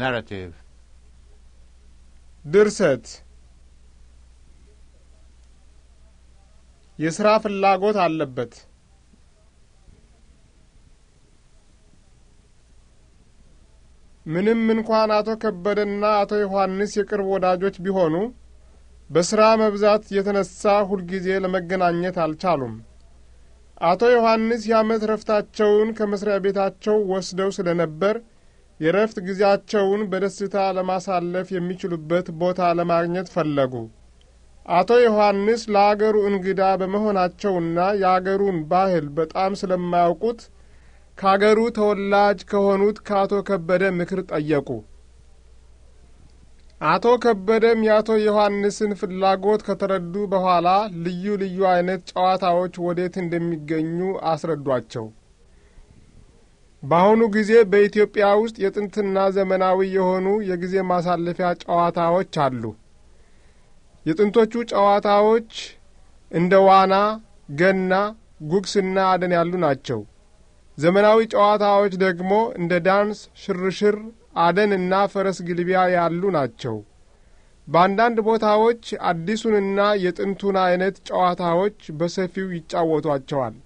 ናራቲቭ ድርሰት የስራ ፍላጎት አለበት። ምንም እንኳን አቶ ከበደና አቶ ዮሐንስ የቅርብ ወዳጆች ቢሆኑ በስራ መብዛት የተነሳ ሁልጊዜ ለመገናኘት አልቻሉም። አቶ ዮሐንስ የዓመት ረፍታቸውን ከመስሪያ ቤታቸው ወስደው ስለነበር የረፍት ጊዜያቸውን በደስታ ለማሳለፍ የሚችሉበት ቦታ ለማግኘት ፈለጉ። አቶ ዮሐንስ ለአገሩ እንግዳ በመሆናቸውና የአገሩን ባህል በጣም ስለማያውቁት ከአገሩ ተወላጅ ከሆኑት ከአቶ ከበደ ምክር ጠየቁ። አቶ ከበደም የአቶ ዮሐንስን ፍላጎት ከተረዱ በኋላ ልዩ ልዩ አይነት ጨዋታዎች ወዴት እንደሚገኙ አስረዷቸው። በአሁኑ ጊዜ በኢትዮጵያ ውስጥ የጥንትና ዘመናዊ የሆኑ የጊዜ ማሳለፊያ ጨዋታዎች አሉ። የጥንቶቹ ጨዋታዎች እንደ ዋና፣ ገና፣ ጉግስና አደን ያሉ ናቸው። ዘመናዊ ጨዋታዎች ደግሞ እንደ ዳንስ፣ ሽርሽር፣ አደን እና ፈረስ ግልቢያ ያሉ ናቸው። በአንዳንድ ቦታዎች አዲሱንና የጥንቱን አይነት ጨዋታዎች በሰፊው ይጫወቷቸዋል።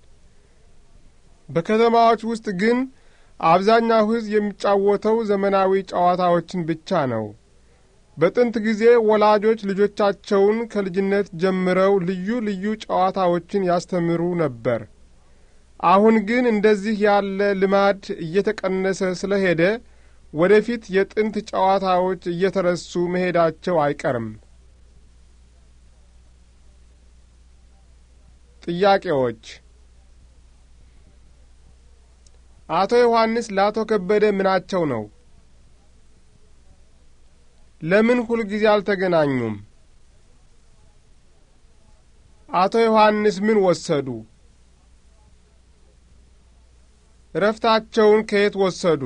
በከተማዎች ውስጥ ግን አብዛኛው ሕዝብ የሚጫወተው ዘመናዊ ጨዋታዎችን ብቻ ነው። በጥንት ጊዜ ወላጆች ልጆቻቸውን ከልጅነት ጀምረው ልዩ ልዩ ጨዋታዎችን ያስተምሩ ነበር። አሁን ግን እንደዚህ ያለ ልማድ እየተቀነሰ ስለሄደ ወደፊት የጥንት ጨዋታዎች እየተረሱ መሄዳቸው አይቀርም። ጥያቄዎች አቶ ዮሐንስ ለአቶ ከበደ ምናቸው ነው? ለምን ሁልጊዜ አልተገናኙም? አቶ ዮሐንስ ምን ወሰዱ? እረፍታቸውን ከየት ወሰዱ?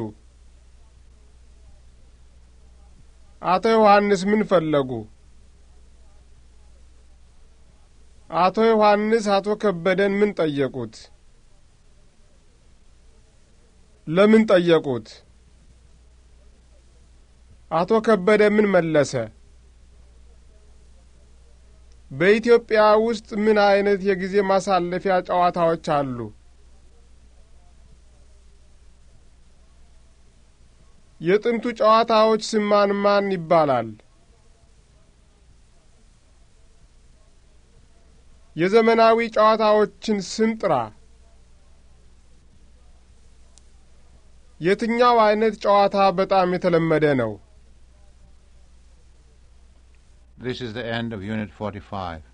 አቶ ዮሐንስ ምን ፈለጉ? አቶ ዮሐንስ አቶ ከበደን ምን ጠየቁት? ለምን ጠየቁት? አቶ ከበደ ምን መለሰ? በኢትዮጵያ ውስጥ ምን አይነት የጊዜ ማሳለፊያ ጨዋታዎች አሉ? የጥንቱ ጨዋታዎች ስማን ማን ይባላል? የዘመናዊ ጨዋታዎችን ስም ጥራ። የትኛው አይነት ጨዋታ በጣም የተለመደ ነው? This is the end of Unit 45.